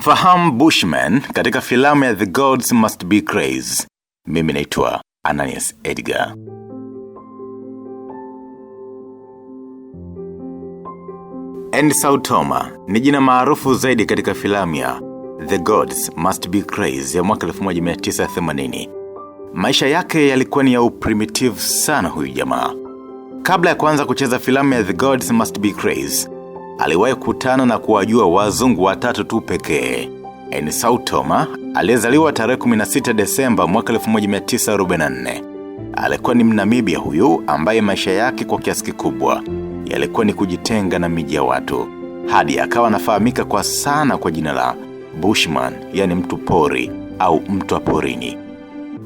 Mfahamu Bushman katika filamu ya The Gods Must Be Crazy. Mimi naitwa Ananias Edgar. Andy Sautoma ni jina maarufu zaidi katika filamu ya The Gods Must Be Crazy ya mwaka 1980. Maisha yake yalikuwa ni ya uprimitive sana huyu jamaa. Kabla ya kuanza kucheza filamu ya The Gods Must Be Crazy, aliwahi kutana na kuwajua wazungu watatu tu pekee. Esau Toma aliyezaliwa tarehe 16 Desemba mwaka 1944 alikuwa ni Mnamibia huyu ambaye maisha yake kwa kiasi kikubwa yalikuwa ni kujitenga na miji ya watu hadi akawa anafahamika kwa sana kwa jina la Bushman, yani mtu pori au mtu wa porini.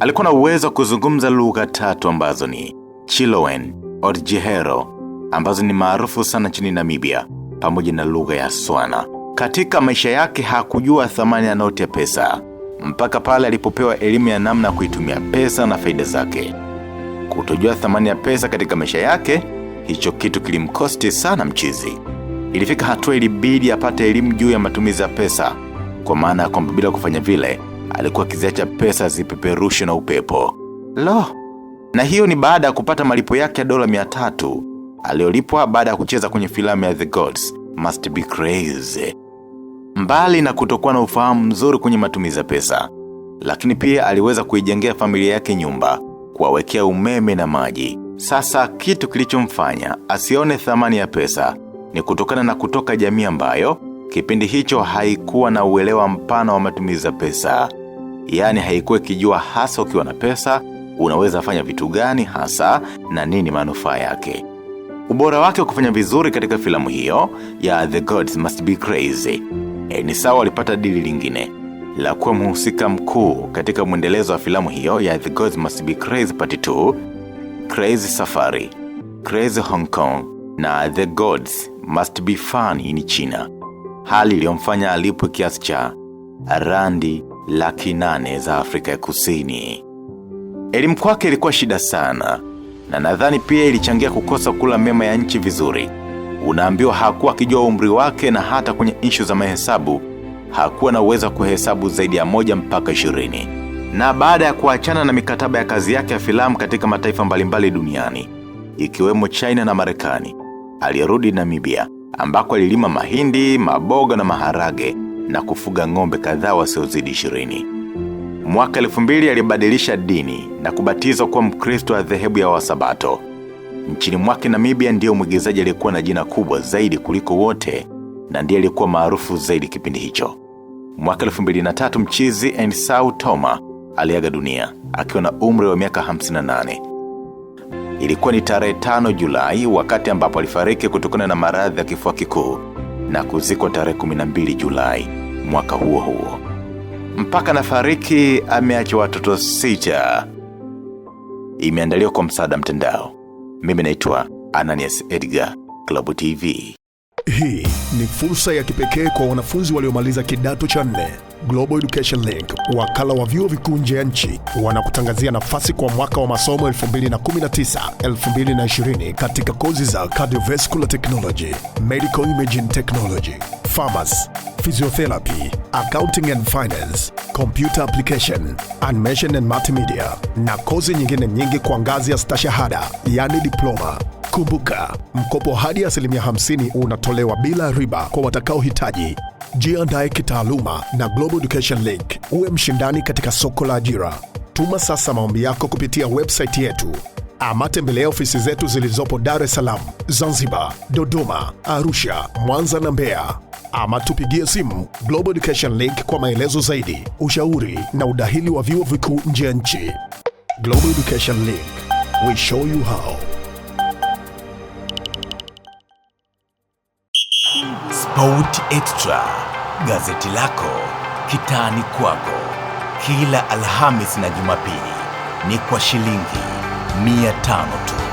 Alikuwa na uwezo wa kuzungumza lugha tatu ambazo ni Chiloen, Odjihero ambazo ni maarufu sana chini Namibia pamoja na lugha ya Swana. Katika maisha yake hakujua thamani ya noti ya pesa mpaka pale alipopewa elimu ya namna ya kuitumia pesa na faida zake. Kutojua thamani ya pesa katika maisha yake, hicho kitu kilimkosti sana mchizi. Ilifika hatua ilibidi apate elimu juu ya matumizi ya pesa, kwa maana ya kwamba bila kufanya vile alikuwa akiziacha pesa zipeperushe na upepo. Lo, na hiyo ni baada ya kupata malipo yake ya dola mia tatu aliyolipwa baada ya kucheza kwenye filamu ya The Gods Must Be Crazy. Mbali na kutokuwa na ufahamu mzuri kwenye matumizi ya pesa, lakini pia aliweza kuijengea familia yake nyumba, kuwawekea umeme na maji. Sasa kitu kilichomfanya asione thamani ya pesa ni kutokana na kutoka jamii ambayo kipindi hicho haikuwa na uelewa mpana wa matumizi ya pesa, yaani haikuwa ikijua hasa ukiwa na pesa unaweza fanya vitu gani hasa na nini manufaa yake. Ubora wake wa kufanya vizuri katika filamu hiyo ya The Gods Must Be Crazy, Enisawa eh, alipata dili lingine la kuwa mhusika mkuu katika mwendelezo wa filamu hiyo ya The Gods Must Be Crazy Part 2, Crazy Safari, Crazy Hong Kong na The Gods Must Be Fun in China, hali iliyomfanya alipwe kiasi cha randi laki nane za Afrika ya Kusini. Elimu kwake ilikuwa shida sana na nadhani pia ilichangia kukosa kula mema ya nchi vizuri. Unaambiwa hakuwa akijua umri wake, na hata kwenye ishu za mahesabu hakuwa na uwezo wa kuhesabu zaidi ya moja mpaka ishirini. Na baada ya kuachana na mikataba ya kazi yake ya filamu katika mataifa mbalimbali duniani ikiwemo China na Marekani, alirudi Namibia ambako alilima mahindi, maboga na maharage na kufuga ng'ombe kadhaa wasiozidi ishirini. Mwaka elfu mbili alibadilisha dini na kubatizwa kuwa Mkristo wa dhehebu ya Wasabato. Nchini mwake Namibia ndiyo mwigizaji aliyekuwa na jina kubwa zaidi kuliko wote na ndiye aliyekuwa maarufu zaidi kipindi hicho. Mwaka elfu mbili na tatu mchizi Ensau Toma aliaga dunia akiwa na umri wa miaka 58. Ilikuwa ni tarehe tano Julai wakati ambapo alifariki kutokana na maradhi ya kifua kikuu na kuzikwa tarehe 12 Julai mwaka huo huo mpaka na fariki ameacha watoto sita. Imeandaliwa kwa msaada mtandao. Mimi naitwa Ananias Edgar, Klabu TV. Hii ni fursa ya kipekee kwa wanafunzi waliomaliza kidato cha nne. Global Education Link, wakala wa vyuo vikuu nje ya nchi, wanakutangazia nafasi kwa mwaka wa masomo 2019 2020 katika kozi za cardiovascular technology, medical imaging technology, pharmacy physiotherapy, accounting and finance, computer application, animation and multimedia na kozi nyingine nyingi kwa ngazi ya stashahada, yani diploma. Kumbuka, mkopo hadi asilimia 50 unatolewa bila riba kwa watakaohitaji. Jiandae kitaaluma na Global Education Link, uwe mshindani katika soko la ajira. Tuma sasa maombi yako kupitia website yetu ama tembelea ofisi zetu zilizopo Dar es Salaam, Zanzibar, Dodoma, Arusha, Mwanza na Mbeya ama tupigie simu Global Education Link kwa maelezo zaidi, ushauri na udahili wa vyuo vikuu nje ya nchi. Global Education Link, we show you how. Sport Extra, gazeti lako kitani kwako, kila Alhamis na Jumapili ni kwa shilingi 500 tu.